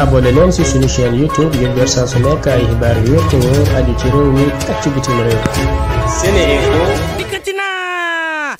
abonné leen ci suñu YouTube ngir jot saa su nekk ay xibaar yu wér te ci mi ak ci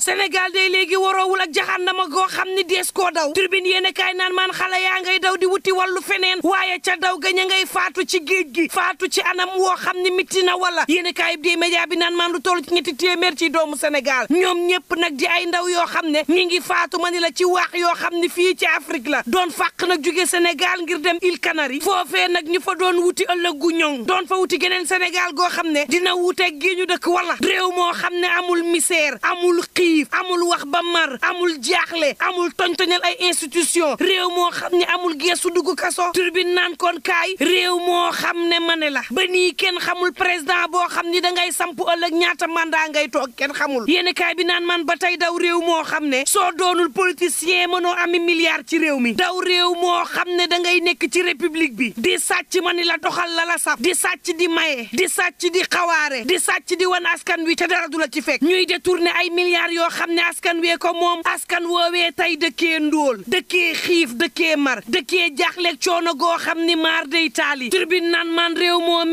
Sénégal day léegi waroowul ak jaxannama goo xam ni dees koo daw turbine yéen kaay naan maan xale yaa ngay daw di wuti wàllu feneen waaye ca daw ga ña ngay faatu ci géej gi faatu ci anam woo xam ni mitti na wala yéen kaay bi média bi naan maan lu toll ci ñetti téeméer ci doomu Sénégal ñoom ñëpp nag ji ay ndaw yoo xam ne ñi ngi faatu ma ni la ci waax yoo xam ni fii ci Afrique la doon fàq nag jóge Sénégal ngir dem île Canaries foofee nag ñi fa doon wuti ëllëg gu ñoŋ doon fa wuti geneen Sénégal goo xam ne dina wuteeg gi ñu dëkk wala réew moo xam ne amul misère amul xii xiif amul wax ba mar amul jaaxle amul toñtoñal ay institution réew moo xam ne amul geesu dugg kaso turbine naan kon kaay réew moo xam ne ma ne la ba nii kenn xamul président boo xam ni dangay samp ëllëg ñaata mandat ngay toog kenn xamul yéen bi naan man ba tey daw réew moo xam ne soo doonul politicien mënoo ami milliard ci réew mi daw réew moo xam ne dangay nekk ci république bi di sàcc ma ne la doxal la la saf di sàcc di maye di sàcc di xawaare di sàcc di wan askan wi te dara du ci fekk ñuy détourner ay milliards yoo xam ne askan wee ko moom askan woowee tey dëkkee ndóol dëkkee xiif dëkkee mar dëkkee jaaxleeg coono goo xam ni maar day taali tribune naan man réew moo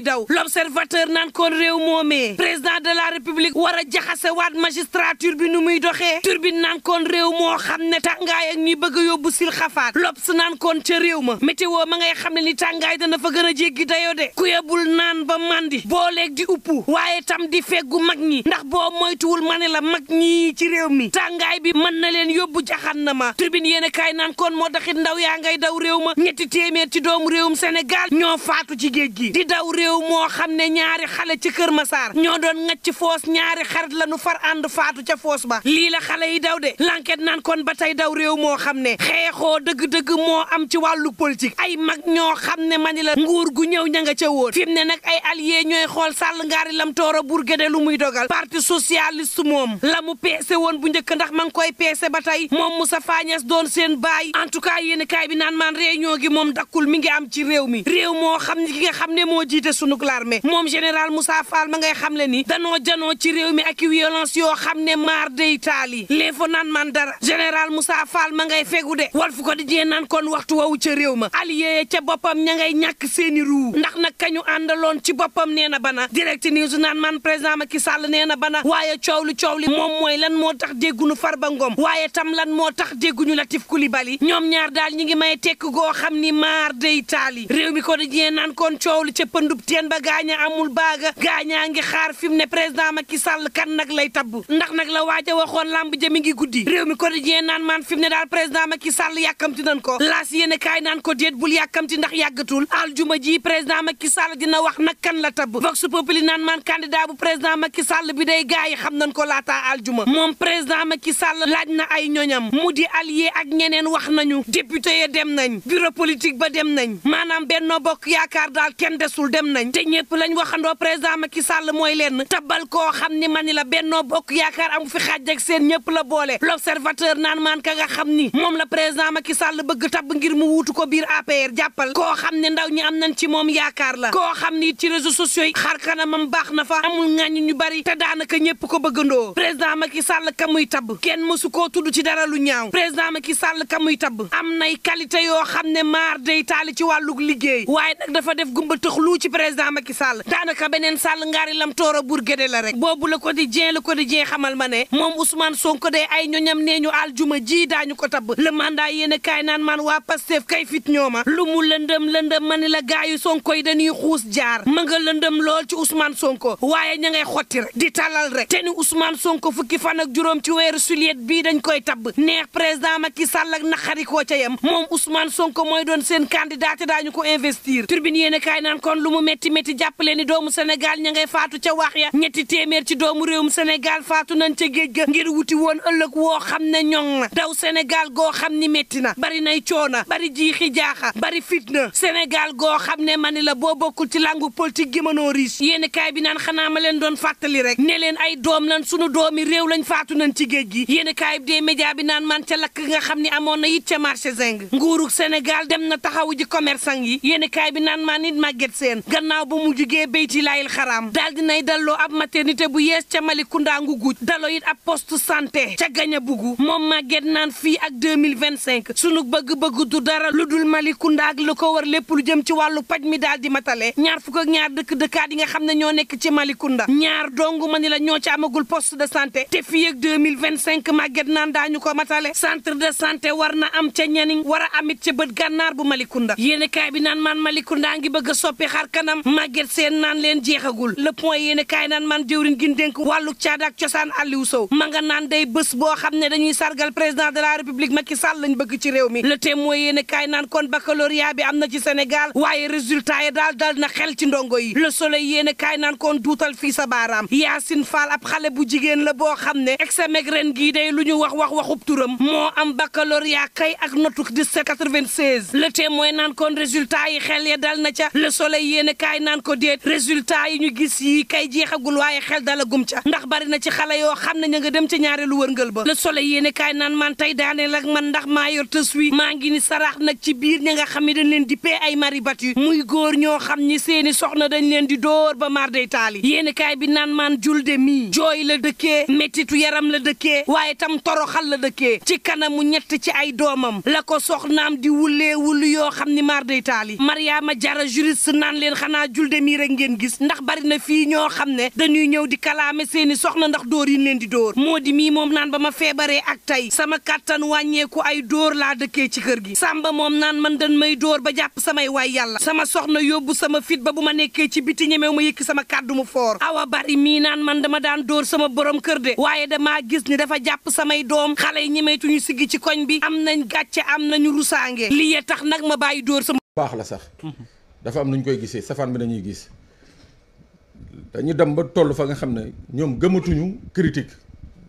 buy daw l'observateur naan kon réew moomee président de la république war a jaxase waat magistrature bi nu muy doxee turbine naan koon réew moo xam ne tàngaay ak ñuy bëgg a yóbbu sil xafaat lobs naan kon ca réew ma météo ma ngay xam ne ni tàngaay dana fa gën a jéggi dayoo de ku yebul naan ba boo booleeg di uppu waaye tam di feggu mag ñi ndax boo moytuwul ma ne la mag ñi ci réew mi tàngaay bi man na leen yóbbu jaxan na ma turbine yéen a kaay naan kon moo taxit ndaw yaa ngay daw réew ma ñetti téeméer ci doomu réew moo xam ne ñaari xale ci Kër Masaar ñoo doon ngacc foos ñaari xarit la nu far ànd faatu ca foos ba lii la xale yi daw de l'enquête naan kon ba tey daw réew moo xam ne xeexoo dëgg-dëgg moo am ci wàllu politique ay mag ñoo xam ne mani la nguur gu ñëw ña nga ca woon fi ne nag ay alliés ñooy xool sàll ngaari lam tooro Bourguédé lu muy dogal parti socialiste moom la mu peese woon bu njëkk ndax man ngi koy peese ba tey moom Moustapha Niasse doon seen baay en tout cas yéen kaay bi naan maan gi moom dakkul mi ngi am ci réew mi sunug larmé moom général Moussa Fall ma ngay xam le ni danoo janoo ci réew mi ak violence yoo xam ne maar day taal yi léegi fa naan man dara général Moussa Fall ma ngay fegu de wal fu ko di jee naan kon waxtu wawu ca réew ma allié ca boppam ña ngay ñàkk seeni ru ndax na kañu àndaloon ci boppam nee na bana direct news naan man président Macky Sall nee na bana waaye coow li coow li moom mooy lan moo tax dégguñu Farba Ngom waaye tam lan moo tax dégguñu Latif Coulibaly ñoom ñaar daal ñi ngi may tekk goo xam ni maar day taal yi réew mi ko di jee kon coow li ca pëndub teen ba gaaña amul baaga gaañaa ngi xaar fi mu ne président ki sàll kan nag lay tabb ndax nag la waaja waxoon lamb ja mi ngi guddi réew mi quotidien naan maan fi mu ne daal président Macky Sall yàkkamti nan ko laas yéen kaay naan ko déet bul yàkkamti ndax yàggatul aljuma ji président Macky Sall dina wax nag kan la tabb vox populi naan maan candidat bu ma ki Sall bi day gaay yi xam nañ ko laataa aljuma moom président ki Sall laaj na ay ñoñam mu di allié ak ñeneen wax nañu député ya dem nañ bureau politique ba dem nañ maanaam Benno Bokk Yaakaar daal kenn desul dem nañ nañ te ñëpp lañ waxandoo président Macky Sall mooy lenn tabal koo xam ni ma ni la bennoo bokk yaakaar amu fi xaaj ak seen ñëpp la boole l'observateur naan maan ka nga xam ni moom la président Macky Sall bëgg tabb ngir mu wuutu ko biir APR jàppal ko xam ne ndaw ñi am nañ ci moom yaakaar la koo xam ni ci réseaux sociaux yi xar kanamam baax na fa amul ŋàññ ñu bari te daanaka ñëpp ko bëggandoo président Macky Sall ka muy tabb kenn mësu koo tudd ci dara lu ñaaw président Macky Sall ka muy tabb am nay qualité yoo xam ne maar day taali ci wàllug liggéey waaye nag dafa président Macky Sall daanaka beneen Sall ngaari lam toora bur géde moom Ousmane Sonko dee ay ñoñam nee ñu aljuma ji daañu ko tabb le mandat yéen a kaay naan maan waa Pastef kay fit ñooma lu mu lëndëm lëndëm ma la gaayu Sonko yi dañuy xuus jaar ma nga lëndëm lool ci Ousmane Sonko waaye ña ngay xotti di talal rek te ni Ousmane Sonko fukki fan ak juróom ci weeru sulet bii dañ ko tabb neex président Macky Sall ak naqari koo ca yem moom Ousmane Sonko mooy doon seen candidat daañu ko investir turbine yéen a kaay naan kon lu mu métti métti jàppale ni doomu Sénégal ña ngay faatu ca wax ya ñetti téeméer ci doomu réewum senegal faatu nañ ca géej ga ngir wuti woon ëllëg woo xam ne ñoŋ na daw Sénégal goo xam ni métti na bari nay coona bari jiixi jaaxa bari fitna Sénégal goo xam ne ma ni la boo bokkul ci langu politique gi mënoo riche yéen kaay bi naan xanaa ma leen doon fàttali rek ne leen ay doom lan sunu doomi réew lañ faatu nañ ci géej gi yéen kaay bi dee média bi naan man ca lakk nga xam ni amoon na it ca marché zing nguurug Sénégal dem na taxawu ji commerçant yi yéen bi naan man nit màgget seen gannaaw ba mu jugee béyti layil xaraam daal nay dalloo ab maternité bu yees ca Malicounda ngu guj daloo it ab poste santé ca gaña bugu moom màgget naan fii ak 2025 sunu bëgg-bëgg du dara lu dul Malicounda ak lu ko war lépp lu jëm ci wàllu paj mi daal di matale ñaar fukk ak ñaar dëkk dëkkaat yi nga xam ne ñoo nekk ci Malicounda ñaar dong ma ni la ñoo ci amagul poste de santé te fii ak 2025 màgget naan daañu ko matale centre de santé war na am ca ñaniñ war a amit ca bët gànnaar bu Malicounda yéen kaay ngi bëgg a maanaam seen naan leen jeexagul le point yéene kaay naan man jëwriñ gi dénk wàllu caada ak cosaan Aliou Sow ma nga naan day bés boo xam ne dañuy sargal président de la république Macky Sall lañ bëgg ci réew mi le témoin yéene kaay naan kon baccalauréat bi am na ci Sénégal waaye résultat yi daal dal na xel ci ndongo yi le soleil yéene kaay naan kon duutal fii sa baaraam Yacine Fall ab xale bu jigéen la boo xam ne examen ren gii day lu ñu wax wax waxub turam moo am baccalauréat kay ak notuk 1796 le témoin naan kon résultat yi xel dal na ca le soleil yéene kaay naan ko déet résultat yi ñu gis yi kay jeexagul waaye xel dalagum ca ndax bari na ci xale yoo xam ne ña nga dem ca ñaareelu wërngël ba le soleil yéene kaay naan man tey daaneel ak man ndax maa yor tës wi maa ngi ni saraax nag ci biir ña nga xam ne dañ leen di pee ay mari bat muy góor ñoo xam ni seeni soxna dañ leen di dóor ba mar day taali yéene kaay bi naan maan julde mii jooy la dëkkee méttitu yaram la dëkkee waaye tam xal la dëkkee ci kanamu ñett ci ay doomam la ko soxnaam di yoo xam ni mar xanaa julde mii rek ngeen gis ndax bari na fii ñoo xam ne dañuy ñëw di kalaame seeni soxna ndax dóor yi leen di dóor moo di mii moom naan ba ma feebaree ak tey sama kàttan wàññeeku ay dóor laa dëkkee ci kër gi sàmba moom naan man dan may dóor ba jàpp samay waay yàlla sama soxna yóbbu sama fit ba bu ma nekkee ci biti ñemew ma yëkki sama kàddu foor awa bari mii naan man dama daan dóor sama borom kër de waaye damaa gis ni dafa jàpp samay doom xale yi ñemeytuñu sigg ci koñ bi am nañ gàcce am nañu rusaange lii tax nag ma bàyyi dóor sama baax la sax mm-hmm. dafa am nu ñu koy gisee safaan bi dañuy gis dañu dem ba toll fa nga xam ne ñoom gëmatuñu critique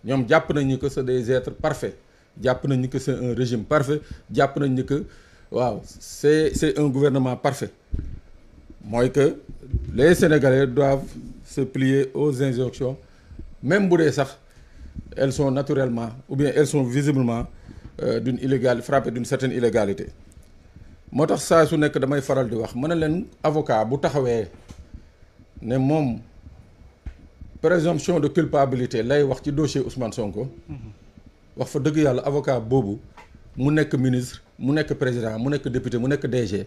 ñoom jàpp nañ ni que c'est des êtres parfaits jàpp nañ ni que c'est un régime parfait jàpp nañ ni que waaw c'est c'est un gouvernement parfait mooy que les Sénégalais doivent se plier aux injonctions même bu dee sax elles sont naturellement ou bien elles sont visiblement euh, d'une illégalité frappées d'une certaine illégalité moo tax saa su nekk damay faral di wax mën na leen avocat bu taxawee ne moom présomption de culpabilité lay wax ci dossier Ousmane Sonko. Mm-hmm. wax fa dëgg yàlla avocat boobu mu nekk ministre mu nekk président mu nekk député mu nekk DG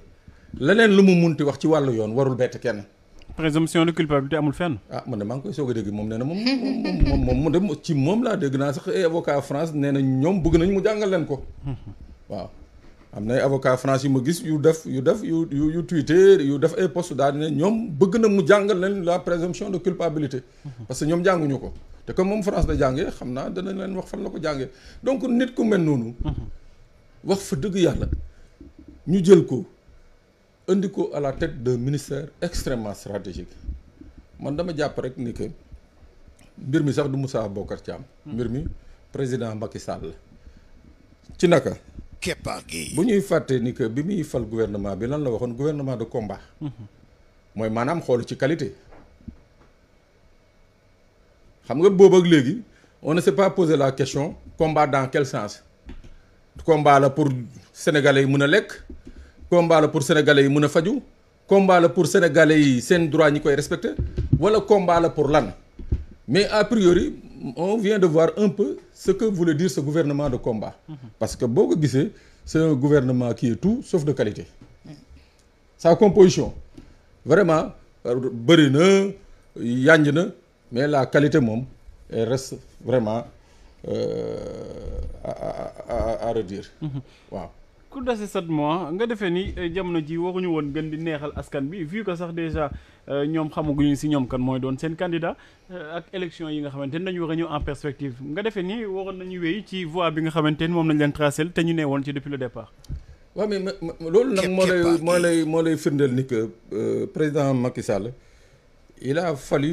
leneen lu mu mun ti wax ci wàllu yoon warul bett kenn. présomption de culpabilité amul fenn. ah man de maa ngi koy soog dégg moom nee na moom moom moom de ci moom laa dégg naa sax ay eh, avocat France nee na ñoom bëgg nañ mu jàngal leen ko mm-hmm. am na ay avocat France yu ma gis yu def yu def yu yu yu Twitter yu def ay post daal ne ñoom bëgg na mu jàngal leen la présomption de culpabilité. Mhm. parce que ñoom jànguñu ko. te comme moom France da jàngee xam naa danañ leen wax fan la ko jàngee donc nit ku mel noonu. Mhm. wax fa dëgg yàlla ñu jël ko indi ko à la tête de ministère extrêmement stratégique man dama jàpp rek ni mbir mi sax du Moussa Bocar Thiam. Mhm. mbir mi président Macky Sall ci naka. keppaar gi. bu ñuy fàtte ni que bi muy fal gouvernement bi lan la waxoon gouvernement de combat. Mhm. mooy maanaam xool ci qualité. xam nga boobu léegi on ne s'est pas posé la question combat dans quel sens. combat la pour sénégalais yi mun a lekk. combat la pour sénégalais yi mun a faju. combat la pour sénégalais yi seen droit ñi koy respecté. wala combat la pour lan mais a priori. on vient de voir un peu ce que voulait dire ce gouvernement de combat. Mhm. parce que boo ko gisee c'est gouvernement qui est tout sauf de qualité. sa composition vraiment bëri na yànj na mais la qualité moom elle reste vraiment euh, à redire. Mhm. waaw. ku dese sept mois nga defee ni eh, jamono ji waxuñu woon gën di neexal askan bi vu que sax déjà eh, ñoom xamaguñu si ñoom kan mooy doon seen candidat eh, ak élection yi nga xamante ni dañu war a ñëw en perspective nga defee ni waroon nañu wéy ci voie bi nga xamante ni moom nañ leen tracé te ñu nee woon ci depuis le départ. waaw mais loolu nag moo lay moo lay moo lay firndeel ni que euh, président Macky Sall il a fallu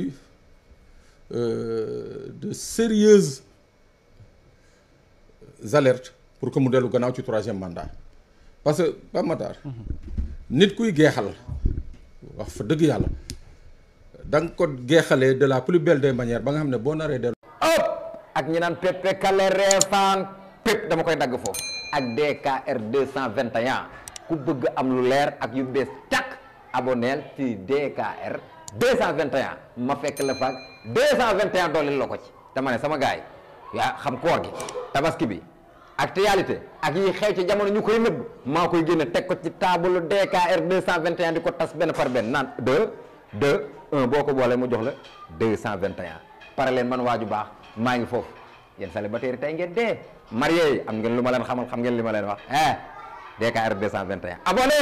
euh, de sérieuses alertes pour que mu dellu gannaaw ci troisième mandat. parce que Pape Matar nit kuy geexal wax dëgg yàlla da ko geexalee de la plus belle des manières ba nga xam ne boo naree dellu ëpp ak ñi naan pépp kale reefaan pépp dama koy dagg foofu ak DKR 221 ku bëgg am lu leer ak yu bees takk aboneel ci DKR 221 ma fekk la faak 221 dooleel la ko ci dama ne sama gaay yaa xam koor gi tabaski bi ak réalité ak yi xew ci jamono ñu koy nëbb maa koy génne teg ko ci taabalu DKR 221 di ko tas benn par benn naan de de 1 boo ko boolee mu jox la 221 pare leen man waaju baax maa ngi foofu yéen célibataire tey ngeen dee marié yi am ngeen lu ma leen xamal xam ngeen li ma leen wax eh DKR 221 abonné